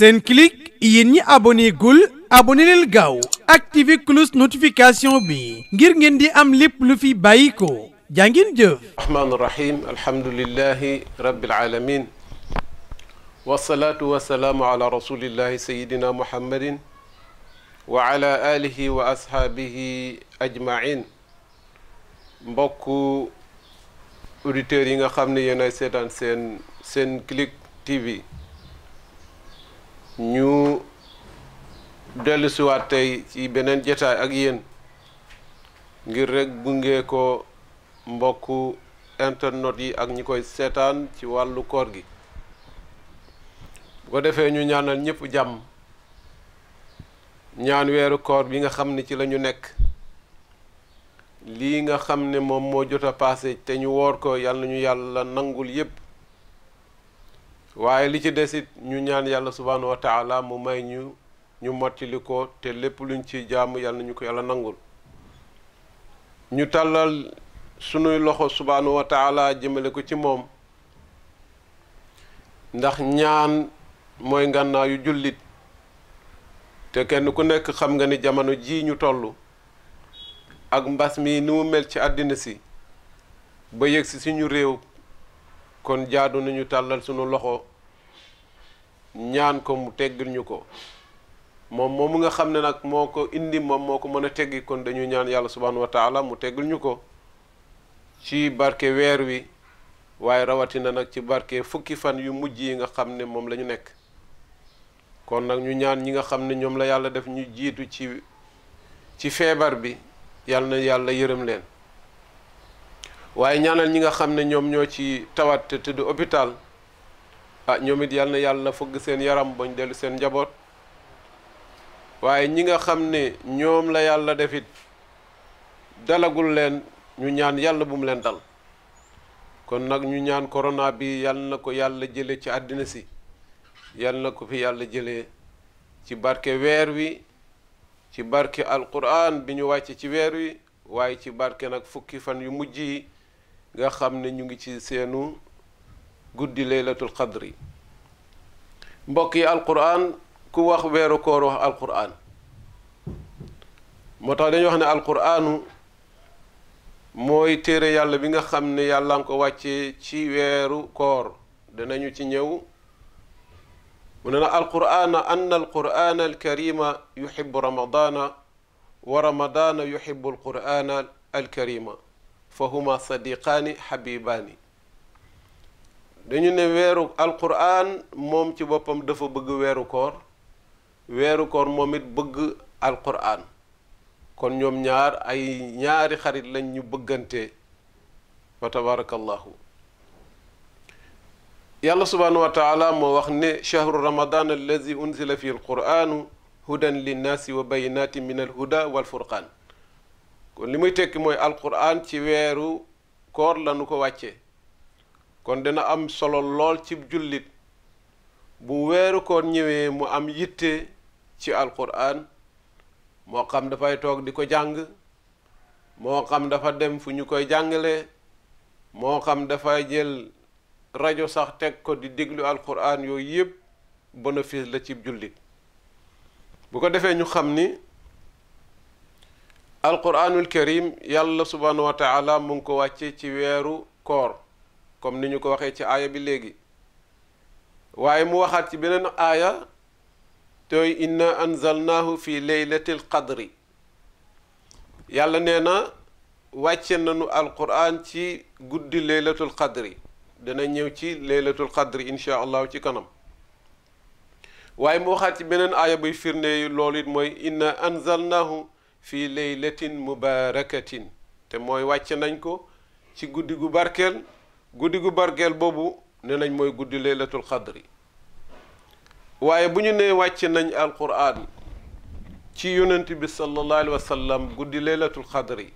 Senclic yéen ñi abonné gul abonné leen gaaw activé cloche notification bi ngir ngeen di am lépp lu fi bàyyi ko jàngin jëf rahmaan rahim alhamdulillahi rabbil alamin wasalaatu wasalaamu ala rasulillahi sayidina muhammadin wa ala alihi wa ashaabihi ajmain mbokku auditeurs yi nga xam ne yéen ay seetaan seen Senclic TV ñu dellusiwaat tey ci beneen jataay ak yéen ngir rek gunge ko mbokku internet yi ak ñi koy seetaan ci wàllu koor gi bu ko defee ñu ñaanal ñëpp jàmm ñaan weeru koor bi nga xam ne ci lañu nekk lii nga xam ne moom moo jot a paase te ñu woor ko yàlla na ñu yàlla nangul yëpp waaye li ci des it ñu ñaan yàlla subhaanahu wa taala mu may ñu ñu mottali ko te lépp luñ ci jàmm yàlla nañu ko yàlla nangul ñu tàllal sunuy loxo subhaanahu jëmmale ko ci moom ndax ñaan mooy ngànnaayu jullit te kenn ku nekk xam nga ni jamono ji ñu toll ak mbas mi ni mu mel ci àddina si ba yegg si suñu réew kon jaadu nañu tàllal sunu loxo ñaan ko mu teggil ñu ko moom moom mu nga xam ne nag moo ko indi moom moo ko mën a teggi kon dañu ñaan yàlla subhanahu wa taala mu teggil ñu ko ci barke weer wi waaye rawatina nag ci barke fukki fan yu mujj yi nga xam ne moom lañu nekk kon nag ñu ñaan ñi nga xam ne ñoom la yàlla def ñu jiitu ci ci feebar bi yàlla na yàlla yërëm leen waaye ñaanal ñi nga xam ne ñoom ñoo ci tawat te tëdd hôpital ah, ñoom it yal na yàlla fëgg seen yaram bañ dellu seen njaboot waaye ñi nga xam ne ñoom la yàlla def it dalagul leen ñu ñaan yàlla bu mu leen dal kon nag ñu ñaan corona bi yal na ko yàlla jële ci àddina si yal na ko fi yàlla jële ci barke weer wi ci barke alquran bi ñu wàcce ci weer wi waaye ci barke nag fukki fan yu mujj yi nga xam ne ñu ngi ci seenu guddi laylatul qadri mbokk yi alquran ku wax weeru koor wax alquran moo tax dañuy wax ne alquranu mooy téere yàlla bi nga xam ne yàlla nga ko wàccee ci weeru koor ñu ci ñëw mu ne na alqurana ann alqurana yu yuxibu ramadana wa ramadana yuxibu alqurana alkarima fa huma sadiqaani xabibaani dañu ne weeru alquran moom ci boppam dafa bëgg weeru koor weeru koor moom it bëgg alquran kon ñoom ñaar ay ñaari xarit lañ ñu bëggante wa tabarakallahu yàlla subhaanahu wa taala moo wax ne chahru ramadan allazi unzila fi alquranu hudan linnaasi wa bayinaati min kon li muy tekki mooy alquran ci weeru koor lanu ko wàcce kon dina am solo lool cib jullit bu weeru koor ñëwee mu am yitte ci alquran moo xam dafay toog di ko jàng moo xam dafa dem fu ñu koy jàngale moo xam dafay jël rajo sax teg ko di déglu alquran yooyu yëpp bénéfice la ci jullit bu ko defee ñu xam ni alquranul karim yàlla subhaanahu wa mu ngi ko wàccee ci weeru koor comme ni ñu ko waxee ci aaya bi léegi waaye mu waxaat ci beneen aaya tooy inna anzalnaahu fi laylatil qadri yàlla nee na wàcce nañu alquran ci guddi laylatul qadri dana ñëw ci laylatul qadri insha allahu ci kanam waaye mu waxaat ci beneen aaya buy firnde loolu it mooy inna anzalnaahu fii laylatin mubarakatin te mooy wàcc nañ ko ci guddi gu barkeel guddi gu barkeel boobu ne nañ mooy guddi laylatul xadri waaye bu ñu nee wàcc nañ alquran ci yonent bi sallallahu alayhi wa guddi laylatul xadri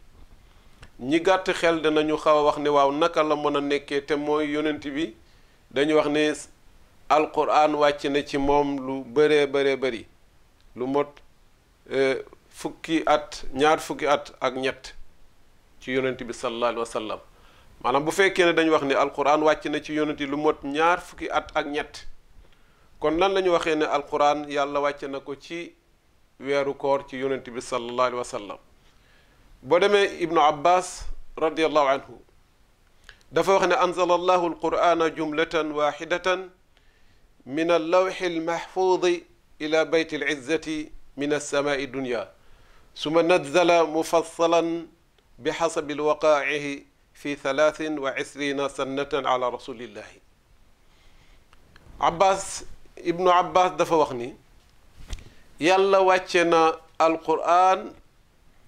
ñi gàtt xel danañu xaw a wax ne waaw naka la mën a nekkee te mooy yonent bi dañu wax ne alquran wàcc na ci moom lu bëree bëree bari lu mot euh, fukki at ñaar fukki at ak ñett ci yonent bi sallallahu alayhi maanaam bu fekkee ne dañu wax ne alquran wàcc na ci yonent lu mot ñaar fukki at ak ñett kon lan la ñu waxee ne alquran yàlla wàcc na ko ci weeru koor ci yonent bi sallallahu alayhi boo demee ibnu abbas radiallahu anhu dafa wax ne anzala allahu alqurana jumlatan waxidatan min allawxi almaxfuudi ila bayt alizzati min alsamaai dunia suma nazzala mufassalan bi xasabi waqaaihi fi talaatin wa ishrina sannatan ala rasulillahi abbas ibnu abbas dafa wax ni yàlla wàcce na alquran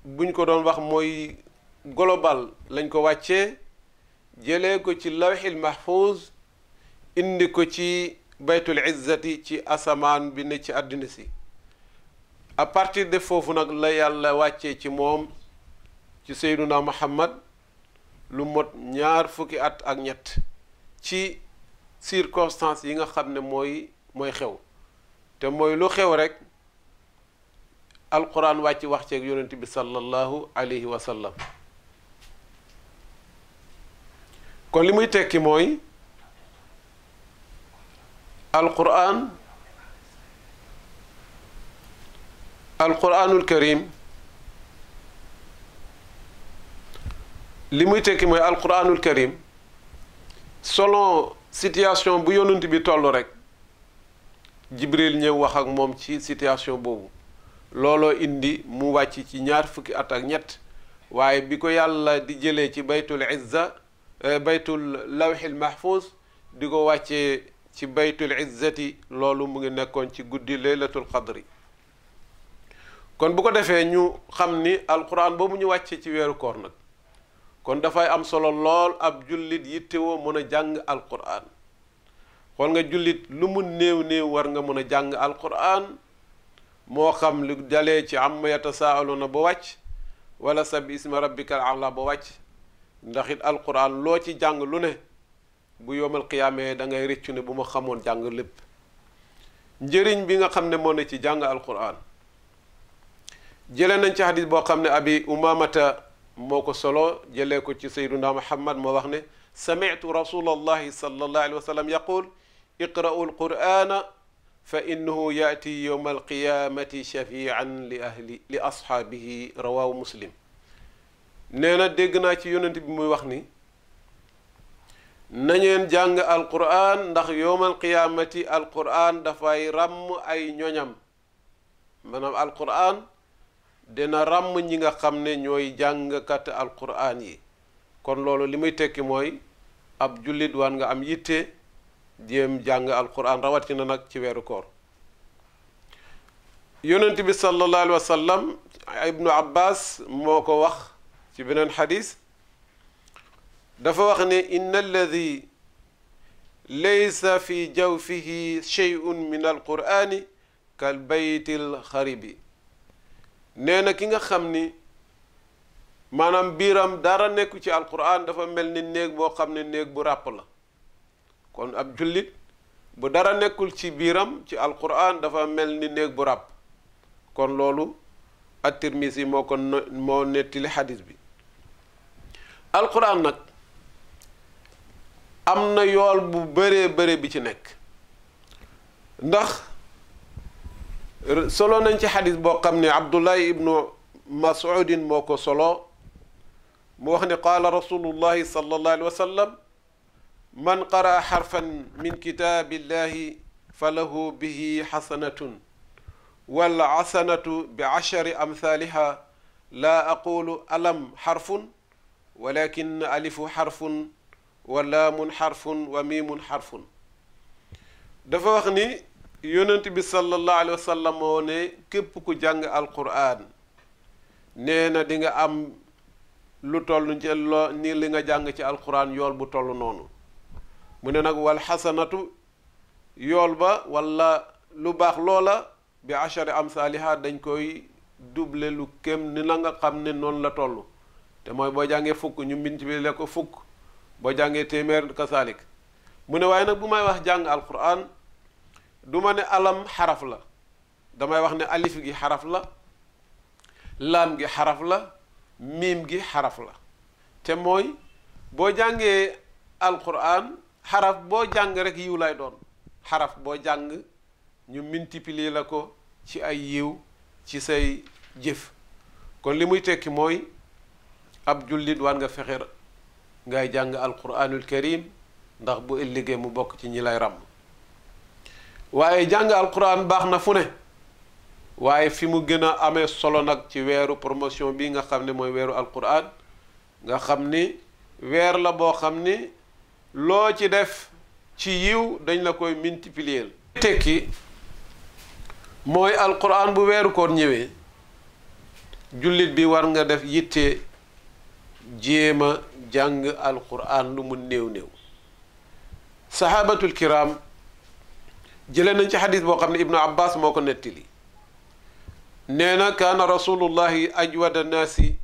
buñ ko doon wax mooy global lañ ko wàccee jëlee ko ci lawxil mahfuz indi ko ci baytul izzati ci asamaan bi ne ci àddina si à partir de foofu nag la yàlla wàccee ci moom ci seyduna muhammad lu mot ñaar fukki at ak ñett ci circonstances yi nga xam ne mooy mooy xew te mooy lu xew rek alquran wàcc wax ceeg yonent bi sallallahu alayhi wa kon li muy tekki mooy alquran alquranul karim li muy tekki mooy alquranul karim selon situation bu yonent bi toll rek jibril ñëw wax ak moom ci situation boobu looloo indi mu wàcc ci ñaar fukki at ak ñett waaye bi ko yàlla di jëlee ci baytul izza eh, baytul lawxil mahfuz di ko wàccee ci baytul izzati loolu mu ngi nekkoon ci guddi laylatul qadri kon bu ko defee ñu xam ni alquran ba mu ñu wàccee ci weeru koor nag kon dafay am solo lool ab jullit yittewoo mën a jàng alquran xool nga jullit lu mu néew néew war nga mën a jàng alquran moo xam lu dalee ci am na ba wàcc wala sabi isma rabbikal ala ba wàcc ndaxit it loo ci jàng lu ne bu yoomal qiyaamee da ngay rëccu ne bu ma xamoon jàng lépp njëriñ bi nga xam ne moo ne ci jàng alquran jëlee nañ ci xadis boo xam ne abi umamata moo ko solo jëlee ko ci sayduna muhammad moo wax ne samitu rasul allahi sallallahu alayhi wa sallam yaqul yaati yowma alqiyamati shafian li ahli li ashaabihi rawahu muslim nee na dégg naa ci yonent bi muy wax ni nañeen jàng alqur'an ndax yowmal qiyamati alqur'an dafay ràmm ay ñoñam maanaam alqur'an dina ràmm ñi nga xam ne ñooy jàngkat alquran yi kon loolu li muy tekki mooy ab jullit waan nga am yitte jéem jàng alquran rawatina nag ci weeru koor yonent bi sallallahu alayhi ibnu abbas moo ko wax ci beneen xadis dafa wax ne inna alladi laysa fi jawfihi sheyun min alqurani kal bayti alxaribi nee na ki nga xam ni maanaam biiram dara nekku ci alquran dafa mel ni néeg boo xam ne néeg bu ràpp la kon ab jullit bu dara nekkul ci biiram ci alquran dafa mel ni néeg bu ràpp kon loolu ak tirmisi moo ko moo nettali xadis bi alquran nag am na yool bu bëree bëri bi ci nekk ndax solo nañ ci xadis boo xam ne abdullahi ibnu masudin moo ko solo mu wax ne qaala rasulullahi sallallahu alayhi wa sallam man qaraa xarfan min kitaabillahi fa lahu bihi xasanatun wal xasanatu bi ashari amthaliha laa aqulu alam xarfun walakin alifu xarfun wa laamun xarfun wa miimun xarfun dafa wax ni yonent bi sallallahu alayhi wa sallam moo ne képp ku jàng alquran nee na dinga am lu toll ci loo ni li nga jàng ci alquran yool bu toll noonu mu ne nag wal xasanatu yool ba walla lu baax loola bi achari am saaliha dañ koy double lu kem ni la nga xam ne noonu la toll te mooy boo jàngee fukk ñu mbind bi la ko fukk boo jàngee téeméer kasaalik mu ne waaye nag bu may wax jàng alquran du ma ne alam xaraf la damay wax ne alif gi xaraf la laam gi xaraf la miim gi xaraf la te mooy boo jàngee alquran xaraf boo jàng rek yiw lay doon xaraf boo jàng ñu multiplier la ko ci ay yiw ci say jëf kon li muy tekki mooy ab jullit waan nga fexe ngay jàng alquranul karim ndax bu ëllëgee mu bokk ci ñi lay ràmm waaye jàng alquran baax na fu ne waaye fi mu gën a amee solo nag ci weeru promotion bi nga xam ne mooy weeru alquran nga xam ni weer la boo xam ni loo ci def ci yiw dañ la koy multiplier tekki mooy alquran bu weeru koor ñëwee jullit bi war nga def yitte jéema jàng alquran lu mu néew néew kiram jëlee nañ ci xadis boo xam ne ibnu abbas moo ko nettali nee na kaana rasulullahi ajwada naasi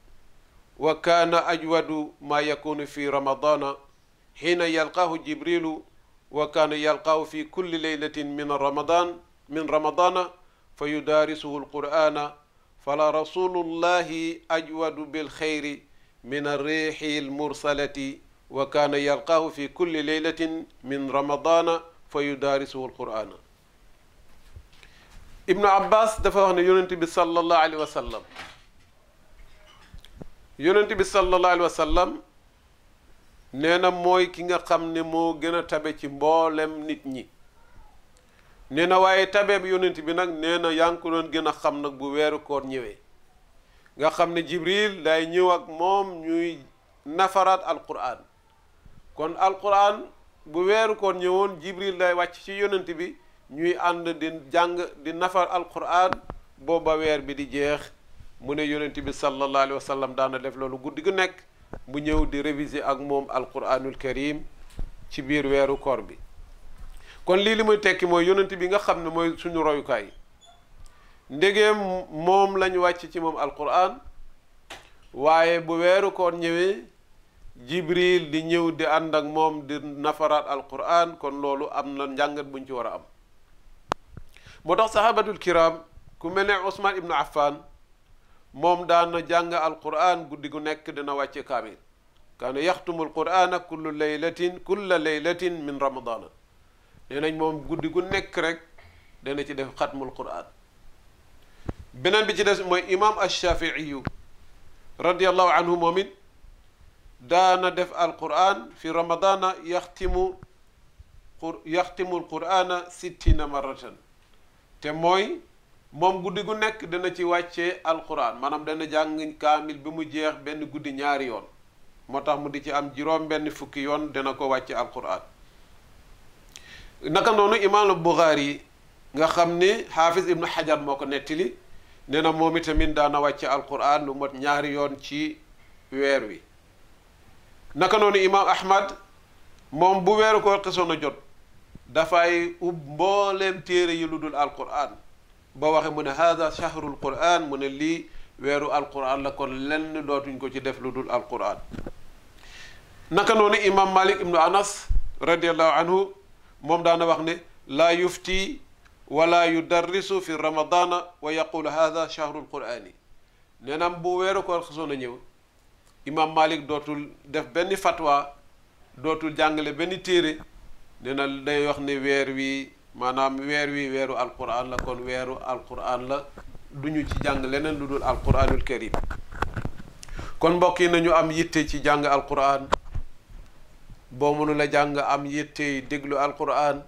wa kaana ajwadu maa yakunu fi ramadana xiina yalqaahu jibrilu wa kaana yalqaahu fi kulli leylatin min ramadan min ramadana fa yudaarisuhu alqur'ana fala rasulullahi ajwadu bilxeyri min arriixi almursalati wa kaana yalqaahu fi kulli leylatin min ramadana fa yudaarisuhu alquraana ibnu abbas dafa wax ne yonent bi sallallahu alayhi wa sallam yonent bi wa sallam nee na mooy ki nga xam ne moo gën a tabe ci mboolem nit ñi nee na waaye tabeeb yonent bi nag nee na yaa ngi ko doon gën a xam nag bu weeru koor ñëwee nga xam ne jibril day ñëw ak moom ñuy nafaraat alquran kon alquran bu weeru koor ñëwoon jibril day wàcc ci yonent bi ñuy ànd di jàng di nafar alquran booba weer bi di jeex mu ne yonent bi sallallahu alayhi wa sallam daana def loolu guddi gu nekk bu ñëw di réviser ak moom alquranul karim ci biir weeru koor bi kon lii li muy tekki mooy yonent bi nga xam ne mooy suñu royukaay ndegem moom lañu wàcc ci moom alquran waaye bu weeru koor ñëwee jibril di ñëw di ànd ak moom di nafaraat alquran kon loolu am na njàngat buñ ci war a am moo tax sahabatul kiram ku mel ne Ousmane ibnu Affan moom daana jàng alquran guddi gu nekk dina wàcce kaamil kan yaxtumu alqurana kullu laylatin kulla laylatin min ramadana nee nañ moom guddi gu nekk rek dana ci def xatmul quran beneen bi ci des mooy imam alshafii yu radiallahu anhu moom daana def alquran fi ramadana yaxtimu qur yaxtimu alqurana sittina marratan te mooy moom guddi gu nekk dana ci wàccee alquran maanaam dana jàng kaamil bi mu jeex benn guddi ñaari yoon moo tax mu di ci am juróom benn fukki yoon dana ko wàcce alquran naka noonu imaam Buxaari yi nga xam ni xaafis ibnu xajar moo ko nettali nee na moom itamit daana wàcce alquran lu mot ñaari yoon ci weer wi naka noonu imaam ahmad moom bu weeru koor xesoon a jot dafay ub mbooleem téere yi lu dul alquran ba waxe mu ne hada shahrul quran mu ne lii weeru alquran la kon lenn dootuñ ko ci def lu dul alquran naka noonu imaam malik ibnu anas radiallahu anhu moom daana wax ne laa yufti wala yudarrisu fi ramadana wa yaqulu hada shahrul qurani nee naam bu weeru koor xesoon a ñëw imam malik dootul def benn fatwa dootul jàngale benn téere nee na day wax ne weer wi maanaam weer wi weeru alquran la kon weeru alquran la duñu ci jàng leneen lu dul alquranul karim kon mbokk yi nañu am yitte ci jàng alquran boo mënu la jàng am yitte déglu alquran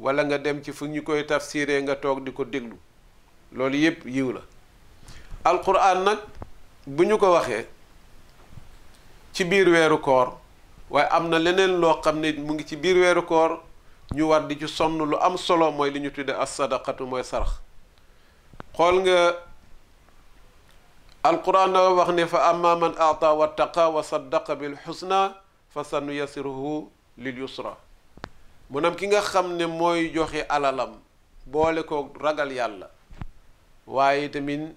wala nga dem ci fu ñu koy tafsiree nga toog di ko déglu loolu yépp yiw la alquran nag bu ñu ko waxee ci biir weeru koor waaye am na leneen loo xam ne mu ngi ci biir weeru koor ñu war di ci sonn lu am solo mooy li ñu tuddee as sadaqatu mooy sarax xool nga alquran dafa wax ne fa amma man aata wattaqa wa saddaqa bil xusna fa sanu yasiruhu lil yusra maanaam ki nga xam ne mooy joxe alalam boole ko ragal yàlla waaye tamit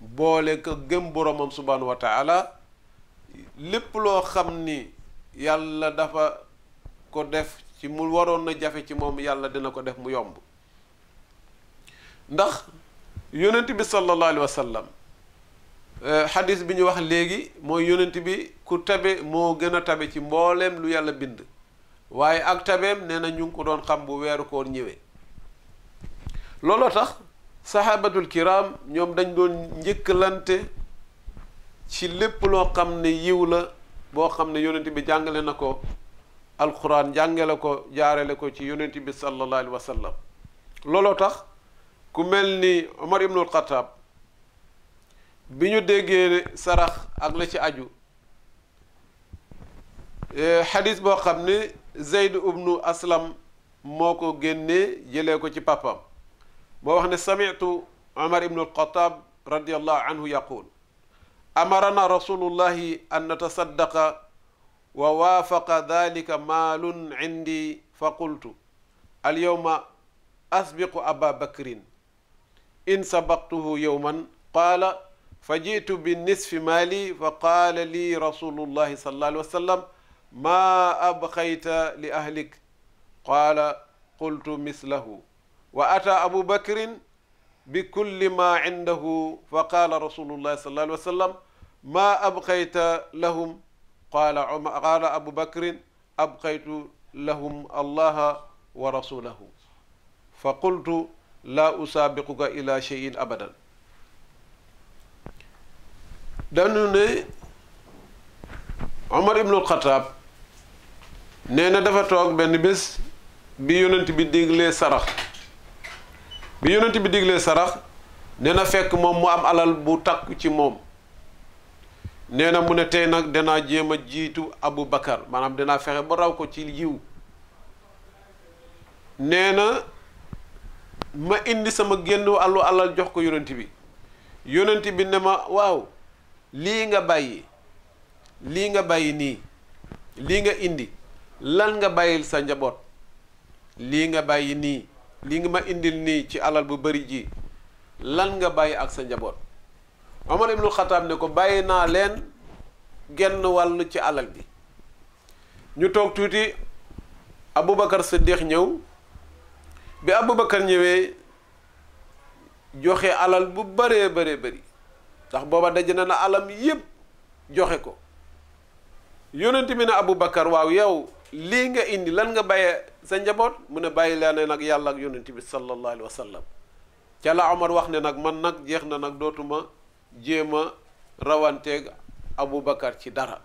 boole ko gëm boromam subhanahu wa lépp loo xam ni yàlla dafa ko def ci mu waroon na jafe ci moom yàlla dina ko def mu yomb ndax yonent bi sallallahu alayhi euh, xadis bi ñu wax léegi mooy yonent bi ku tabe moo gën a tabe ci mbooleem lu yàlla bind waaye ak tabeem nee na ñu ko doon xam bu weeru ko ñëwee looloo tax saxaabatul kiram ñoom dañ doon njëkkalante ci lépp loo xam ne yiw la boo xam ne yonent bi jàngale na ko alquran jàngale ko jaarale ko ci yonent bi sallallahu alayhi wa sallam looloo tax ku mel ni Omar ibnul Xataab bi ñu déggee sarax ak la ci aju e, xadis boo xam ne Zeyd ibnu Aslam moo ko génnee jëlee ko ci pappam moo wax ne samitu Omar ibnul Xataab radiallahu anhu yaqul amarana rasulullahi an natasaddaqa wa waafaqa dalika maalun indi fa qultu alyawma asbiqu aba bakrin in sabaqtuhu yowman qaala fa jitu bi nisfi maali fa qaala lii rasulullahi sallallahu alayhi wa sallam maa abqayta li ahlik qaala qultu mislahu wa ata abu bakrin bi kulli maa indahu fa qaala rasulullahi sallallahu alayhi wa sallam maa abqayta lahum qaala qaala abu bakrin abqaytu lahum allaha wa rasulahu fa qultu laa usaabiquka ila cheyin abadan dañu ne omar ibnul xataab nee na dafa toog benn bés bi yonent bi diglee sarax nee na fekk moom mu am alal bu takku ci moom nee na mu ne tey nag danaa jéem a jiitu Abu Bakar maanaam danaa fexe ba raw ko ci jiw nee na ma indi sama génn àllu alal jox ko yonent bi yonent bi ne ma waaw lii nga bàyyi lii nga bàyyi nii lii nga indi lan nga bàyyil sa njaboot lii nga bàyyi nii lii nga ma indil nii ci alal bu bari ji lan nga bàyyi ak sa njaboot Omar ibnul Xataab ne ko bàyyi naa leen genn wàll ci alal bi ñu toog tuuti abu Aboubacar Siddiq ñëw bi Aboubacar ñëwee joxe alal bu bëree bëree bari ndax booba daje na na alam yépp joxe ko yonent bi ne Aboubacar waaw yow lii nga indi lan nga bàyyee sa njaboot mu ne bàyyi laa ne nag yàlla ak yonent bi sallallahu alayhi wa ca la Omar wax ne nag man nag jeex na nag dootuma jéem a rawanteeg Aboubacar ci dara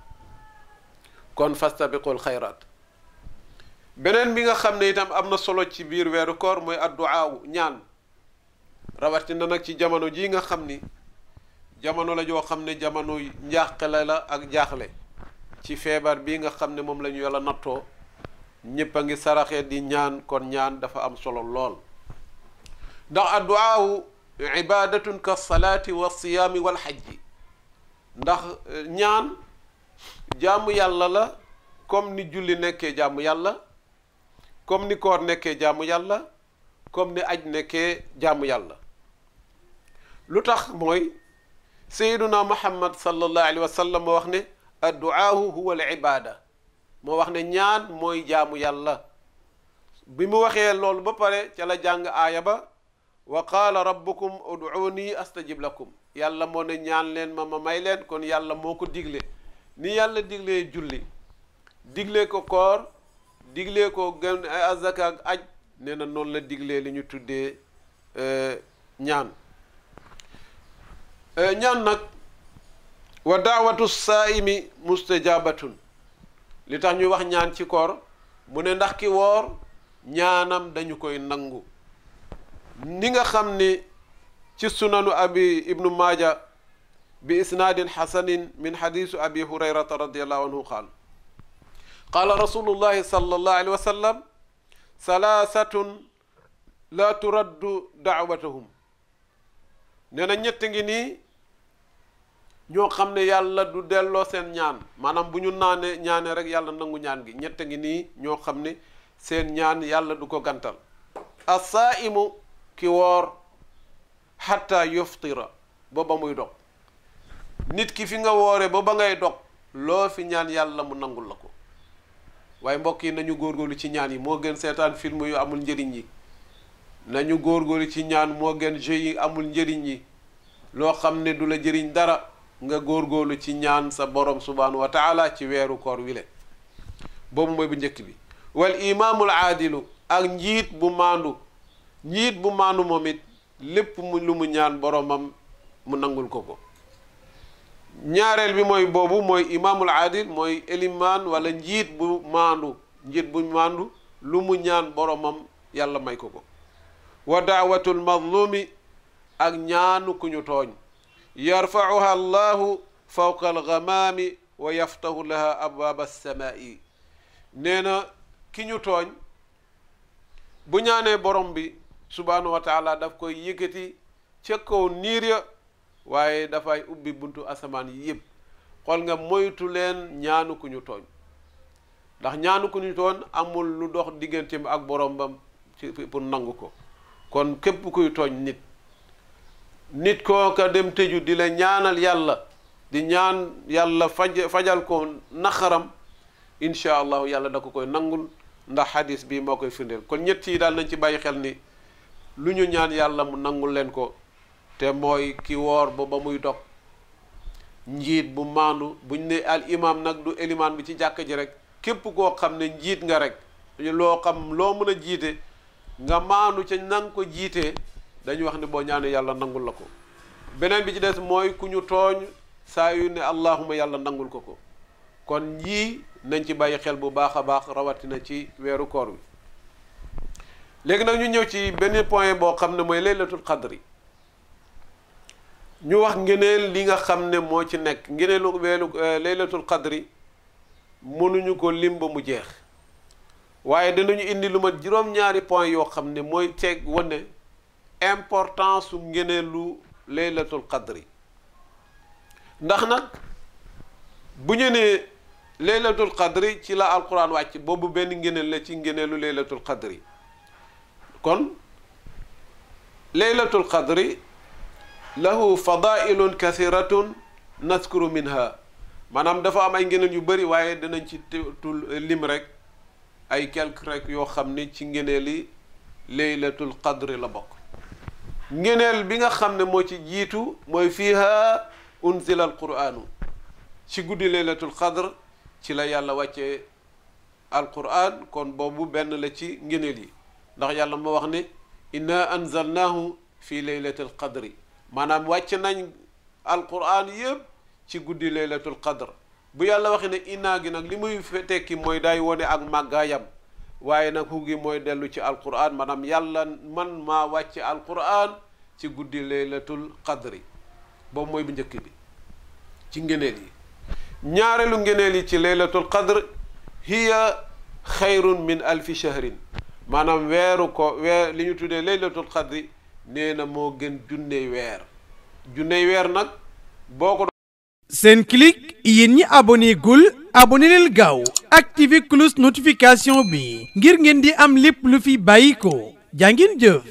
kon fastabiqul xayraat beneen bi nga xam ne itam am na solo ci biir weeru koor mooy adduaaw ñaan rawatina nag ci jamono ji nga xam ni jamono la joo xam ne jamono njaaxle la ak jaaxle ci feebar bi nga xam ne moom lañu ñu yàlla nattoo ñépp a ngi saraxee di ñaan kon ñaan dafa am solo lool ndax adduaaw ibadatun ka salaati wa siyaami wal xajji ndax eh, ñaan jàmm yàlla la comme ni julli nekkee jaamu yàlla comme ni koor nekkee jaamu yàlla comme ni aj nekkee jaamu yàlla lu tax mooy sayyiduna muhammad sallallahu alayhi wa sallam moo wax ne adduaahu huwa al ibaada moo wax ne ñaan mooy jaamu yàlla bi mu waxee loolu ba pare ca la jàng aaya ba wa qaala rabbukum ud'uuni astajib lakum yàlla moo ne ñaan leen ma ma may leen kon yàlla moo ko digle ni yàlla digle julli digle ko koor digle ko gën eh, azaka ak aj nee na noonu la diglee li ñu tuddee eh, ñaan eh, ñaan nag wa daawatu saaimi mustajabatun li tax ñuy wax ñaan ci koor mu ne ndax ki woor ñaanam dañu koy nangu ni nga xam ni ci sunanu abi ibnu maaja bi isnaadin xasanin min xadiisu abi hurayrata radiallahu anhu qaal qaala rasulullahi sallallahu alayhi wa sallam salaasatun laa turaddu daawatahum nee na ñett ngi nii ñoo xam ne yàlla du delloo seen ñaan maanaam bu ñu naane ñaane rek yàlla nangu ñaan gi ñett ngi nii ñoo xam ne seen ñaan yàlla du ko gantal asaimu ki woor xatta yuftira ba muy dog nit ki fi nga woore ba ba ngay dog loo fi ñaan yàlla mu nangul la ko waaye mbokk yi nañu góorgóorlu ci ñaan yi moo gën seetaan film yu amul njëriñ yi nañu góorgóorlu ci ñaan moo gën jeu amul njëriñ yi loo xam ne du la jëriñ dara nga góorgóorlu ci ñaan sa borom subhaanahu wa taala ci weeru koor boobu mooy bu njëkk bi wal imaamul aadilu ak njiit bu maandu njiit bu maanu moom it lépp mu lu mu ñaan boromam mu nangul ko ko ñaareel bi mooy boobu mooy imaamul adil mooy elimaan wala njiit bu maandu njiit bu maandu lu mu ñaan boroomam yàlla may ko ko wa daawatul mazlumi ak ñaanu ku ñu tooñ yarfauha allahu fawqa algamaami wa yaftahu laha abwaaba alsamaai nee na ki ñu tooñ bu ñaanee borom bi subhaanahu wa taala daf koy yëkkati ca kaw niir ya waaye dafay ubbi buntu asamaan yi yëpp xool nga moytu leen ñaanu ku ñu tooñ ndax ñaanu ku ñu tooñ amul lu dox digganteem ak borom bam ci pour nangu ko kon képp kuy tooñ nit nit kooka dem tëju di la ñaanal yàlla di ñaan yàlla faj fajal ko naxaram incha allahu yàlla da ko koy nangul ndax hadis bi moo koy firndeel kon ñett yi daal nañ ci bàyyi xel ni lu ñu ñaan yàlla mu nangul leen ko te mooy ki woor ba ba muy dog njiit bu maandu buñ ne al nag du élimaan bi ci jàkk ji rek képp koo xam ne njiit nga rek loo xam loo mën a jiite nga maandu ca nang ko jiitee dañuy wax ne boo ñaanee yàlla nangul la ko beneen bi ci des mooy ku ñu tooñ saa yu ne allahuma yàlla nangul ko ko kon yii nañ ci bàyyi xel bu baax a baax rawatina ci weeru koor wi léegi nag ñu ñëw ci benn point boo xam ne mooy laylatul qadri ñu wax ngeneel li nga xam ne moo ci nekk ngeneelu weeru euh, laylatul qadri mënuñu ko lim ba mu jeex waaye dinañu indi lu ma juróom-ñaari point yoo xam ne mooy teeg wane important su lu laylatul qadri ndax nag bu ñu nee laylatul qadri ci la alquran wàcc boobu benn ngeneel la ci lu laylatul qadri kon laylatul qadri lahu fadailun kathiratun naskuru minha maanaam dafa am ay ngeneel yu bari waaye dinañ ci tul lim rek ay quelque rek yoo xam ni ci ngeneeli laylatul qadri la bokk ngeneel bi nga xam ne moo ci jiitu mooy fiiha unzila al quraanu ci guddi laylatul qadr ci la yàlla wàcce al quraan kon boobu benn la ci ngeneel yi ndax yàlla moo wax ne inna anzalnaahu fi laylatil qadri maanaam wàcc nañ alquran yëpp ci guddi laylatul qadr bu yàlla waxee ne inna gi nag li muy tekki mooy day wone ak màggaayam waaye nag hu gi mooy dellu ci alquran manaam yàlla man maa wàcc alquran ci guddi laylatul qadri boobu mooy bu njëkk bi ci ngeneel yi ñaareelu ngeneel yi ci laylatul qadr hiya xayrun min alfi shahrin maanaam weeru ko weer li ñu tuddee laylatul xadri nee na moo gën junney weer junney weer nag boo ko seen clic yéen ñi abonné gul abonné leen gaaw activé cloche notification bi ngir ngeen di am lépp lu fi bàyyi ko jàngin jëf